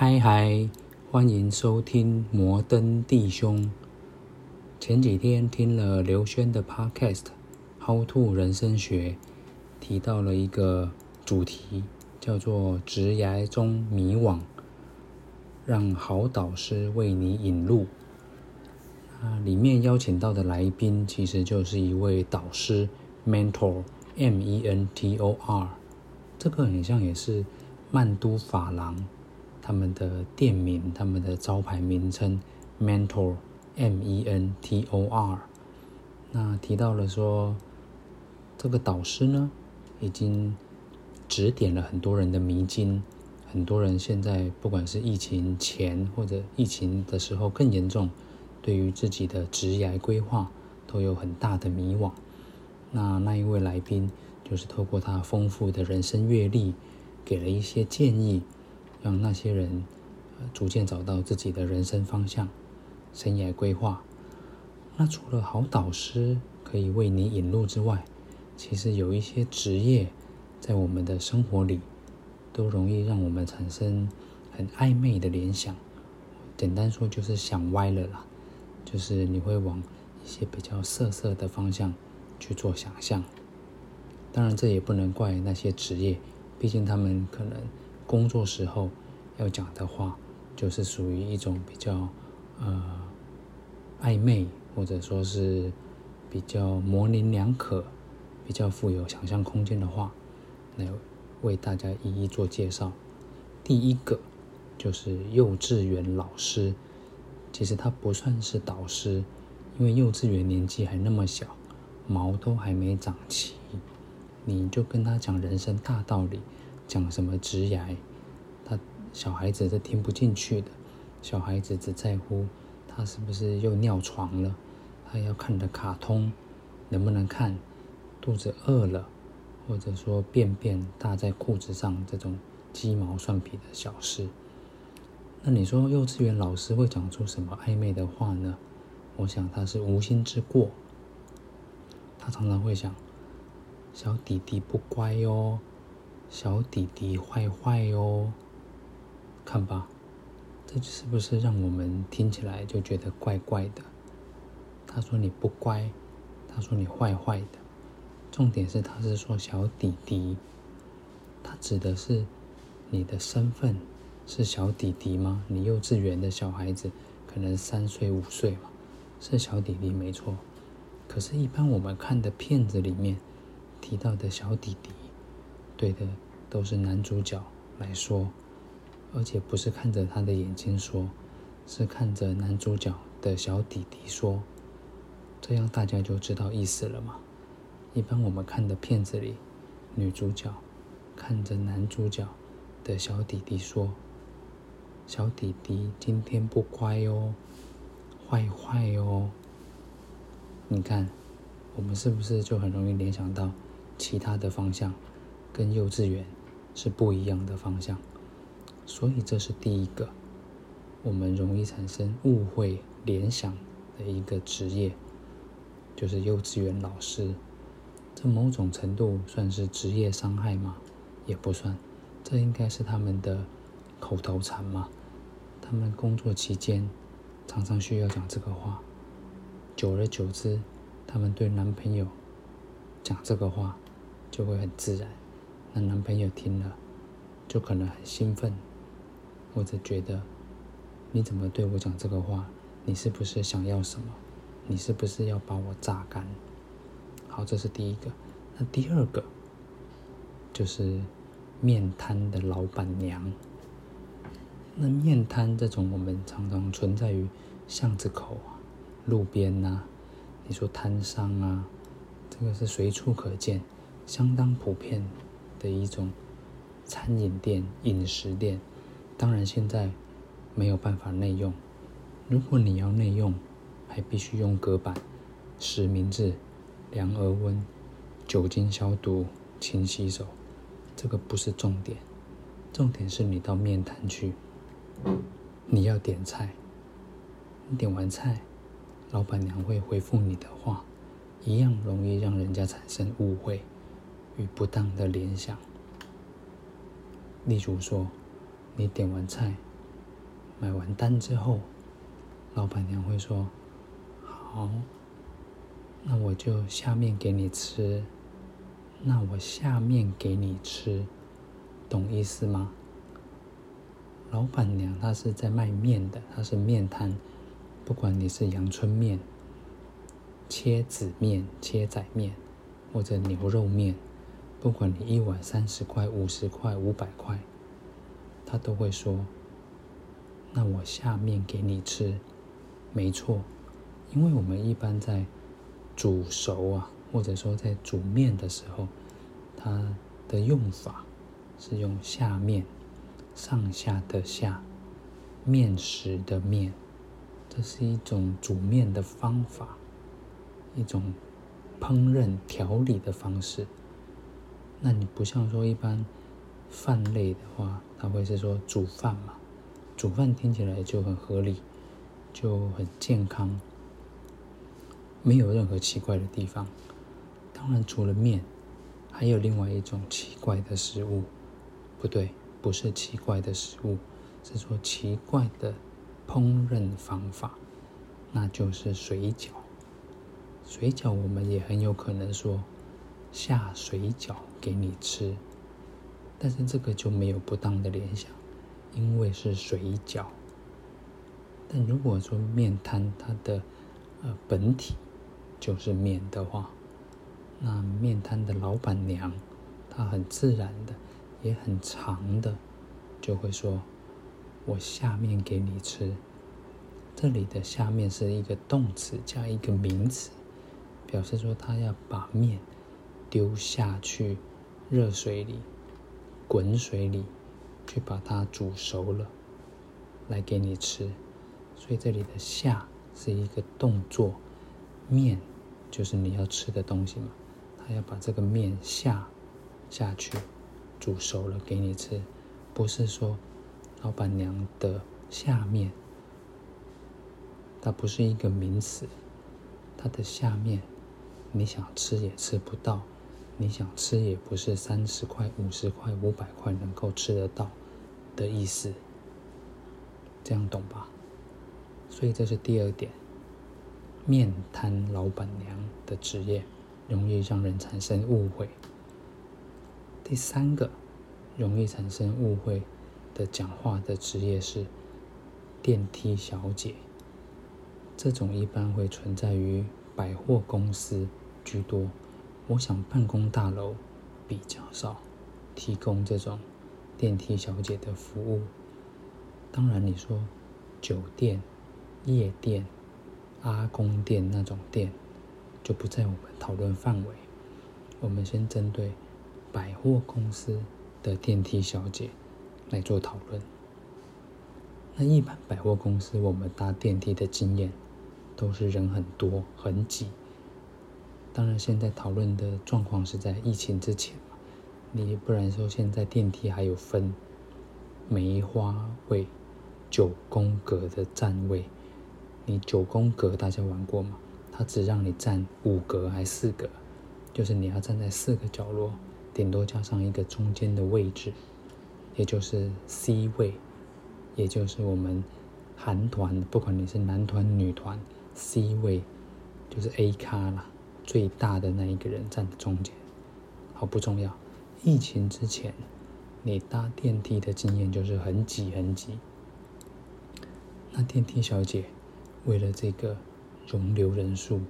嗨嗨，hi hi, 歡迎收聽摩登弟兄。前幾天聽了劉軒的 Podcast《How to 人生學》，提到了一個主題，叫做“職涯中迷惘”，讓好導師為你引路。啊，裡面邀請到的來賓其實就是一位導師 （mentor，M-E-N-T-O-R），這個很像也是曼都法郎。他們的店名，他們的招牌名稱 “Mentor”（M-E-N-T-O-R）、e。那提到了說，這個導師呢，已經指點了很多人的迷津。很多人現在不管是疫情前或者疫情的時候更嚴重，對於自己的職業規劃都有很大的迷惘。那那一位來賓就是透過他豐富的人生閱歷，給了一些建議。讓那些人逐漸找到自己的人生方向、生涯規劃。那除了好導師可以為你引路之外，其實有一些職業在我們的生活裡都容易讓我們產生很曖昧的聯想。簡單說就是想歪了啦，就是你會往一些比較色色的方向去做想象。當然，這也不能怪那些職業，畢竟他們可能。工作時候要講的話，就是屬於一種比較呃曖昧，或者說是比較模稜兩可，比較富有想象空間的話，來為大家一一做介紹。第一個就是幼稚園老師，其實他不算是導師，因為幼稚園年紀還那麼小，毛都還沒長齊，你就跟他講人生大道理。講什麼蛀牙，他小孩子是聽不進去的。小孩子只在乎他是不是又尿床了，他要看的卡通能不能看，肚子餓了，或者說便便搭在褲子上這種雞毛蒜皮的小事。那你說幼稚園老師會講出什麼曖昧的話呢？我想他是無心之過。他常常會想，小弟弟不乖哦。小弟弟壞壞哦，看吧，這是不是讓我們聽起來就覺得怪怪的？他說你不乖，他說你壞壞的，重點是他是說小弟弟，他指的是你的身份是小弟弟嗎？你幼稚園的小孩子可能三歲五歲嘛，是小弟弟沒錯，可是，一般我們看的片子裡面提到的小弟弟。對的，都是男主角來說，而且不是看着他的眼睛說，是看着男主角的小弟弟說，這樣大家就知道意思了嘛。一般我們看的片子裡，女主角看着男主角的小弟弟說：“小弟弟今天不乖哦，壞壞哦。”你看，我們是不是就很容易聯想到其他的方向？跟幼稚園是不一樣的方向，所以這是第一個我們容易產生誤會聯想的一個職業，就是幼稚園老師。這某種程度算是職業傷害嗎？也不算，這應該是他們的口頭禪嘛。他們工作期間常常需要講這個話，久而久之，他們對男朋友講這個話就會很自然。男朋友聽了，就可能很興奮，或者覺得你怎麼對我講這個話？你是不是想要什麼？你是不是要把我榨乾？好，這是第一個。那第二個就是麵攤的老闆娘。那麵攤這種，我們常常存在於巷子口啊、路邊啊，你說攤商啊，這個是隨處可見，相當普遍。的一種餐飲店、飲食店，當然現在沒有辦法內用。如果你要內用，還必須用隔板、實名制、量額溫、酒精消毒、勤洗手。這個不是重點，重點是你到麵攤去，你要點菜，你點完菜，老闆娘會回復你的話，一樣容易讓人家產生誤會。與不當的聯想，例如說，你點完菜，買完單之後，老闆娘會說：“好，那我就下面給你吃，那我下面給你吃，懂意思嗎？”老闆娘她是在賣麵的，她是麵攤，不管你是陽春麵、切仔麵、切仔麵，或者牛肉麵。不管你一碗三十塊、五十塊、五百塊，他都會說：“那我下面給你吃。”沒錯，因為我們一般在煮熟啊，或者說在煮麵的時候，它的用法是用“下麵”，上下的“下”，麵食的“麵”，這是一種煮麵的方法，一種烹飪調理的方式。那你不像說一般飯類的話，它會是說煮飯嘛？煮飯聽起來就很合理，就很健康，沒有任何奇怪的地方。當然，除了麵，還有另外一種奇怪的食物，不對，不是奇怪的食物，是說奇怪的烹飪方法，那就是水餃。水餃，我們也很有可能說下水餃給你吃，但是這個就沒有不當的聯想，因為是水餃。但如果說麵攤它的呃本體就是麵的話，那麵攤的老闆娘她很自然的也很長的就會說：“我下麵給你吃。”這裡的“下麵”是一個動詞加一個名詞，表示說她要把麵。丟下去，熱水裡、滾水裡，去把它煮熟了，來給你吃。所以這裡的“下”是一個動作，麵就是你要吃的東西嘛。他要把這個麵下下去，煮熟了給你吃。不是說老闆娘的下面，它不是一個名詞，它的下面你想吃也吃不到。你想吃也不是三十塊、五十塊、五百塊能夠吃得到的意思，這樣懂吧？所以這是第二點，麵攤老闆娘的職業容易讓人產生誤會。第三個容易產生誤會的講話的職業是電梯小姐，這種一般會存在於百貨公司居多。我想辦公大樓比較少，提供這種電梯小姐的服務。當然，你說酒店、夜店、阿公店那種店就不在我們討論範圍。我們先針對百貨公司的電梯小姐來做討論。那一般百貨公司，我們搭電梯的經驗都是人很多，很擠。當然，現在討論的狀況是在疫情之前嘛？你不然說現在電梯還有分梅花位、九宮格的站位。你九宮格大家玩過嗎？它只讓你站五格還是四格，就是你要站在四個角落，頂多加上一個中間的位置，也就是 C 位，也就是我們韓團，不管你是男團女團，C 位就是 A 咖啦。最大的那一個人站在中間，好不重要。疫情之前，你搭電梯的經驗就是很擠很擠。那電梯小姐為了這個容留人數，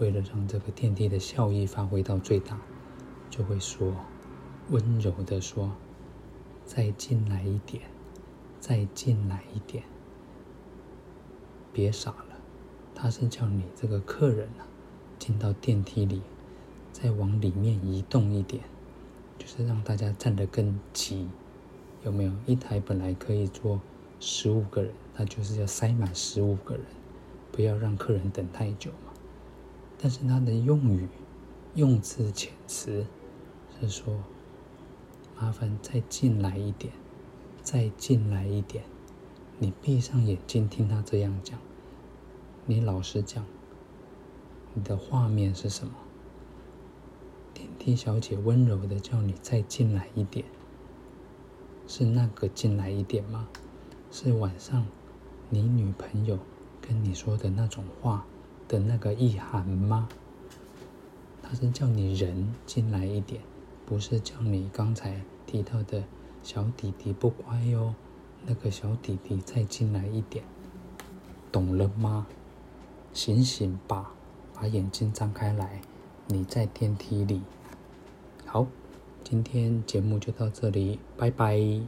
為了讓這個電梯的效益發揮到最大，就會說溫柔的說：“再進來一點，再進來一點，別傻了，她是叫你這個客人了，啊。”進到電梯裡，再往裡面移動一點，就是讓大家站得更擠，有沒有？一台本來可以坐十五個人，他就是要塞滿十五個人，不要讓客人等太久嘛。但是他的用語、用字遣詞是說：“麻煩再進來一點，再進來一點。”你閉上眼睛聽他這樣講，你老實講。你的畫面是什麼？電梯小姐溫柔的叫你再進來一點，是那個進來一點嗎？是晚上你女朋友跟你說的那種話的那個意涵嗎？他是叫你人進來一點，不是叫你剛才提到的小弟弟不乖喲、哦，那個小弟弟再進來一點，懂了嗎？醒醒吧！把眼睛張開來，你在電梯裡。好，今天節目就到這裡，拜拜。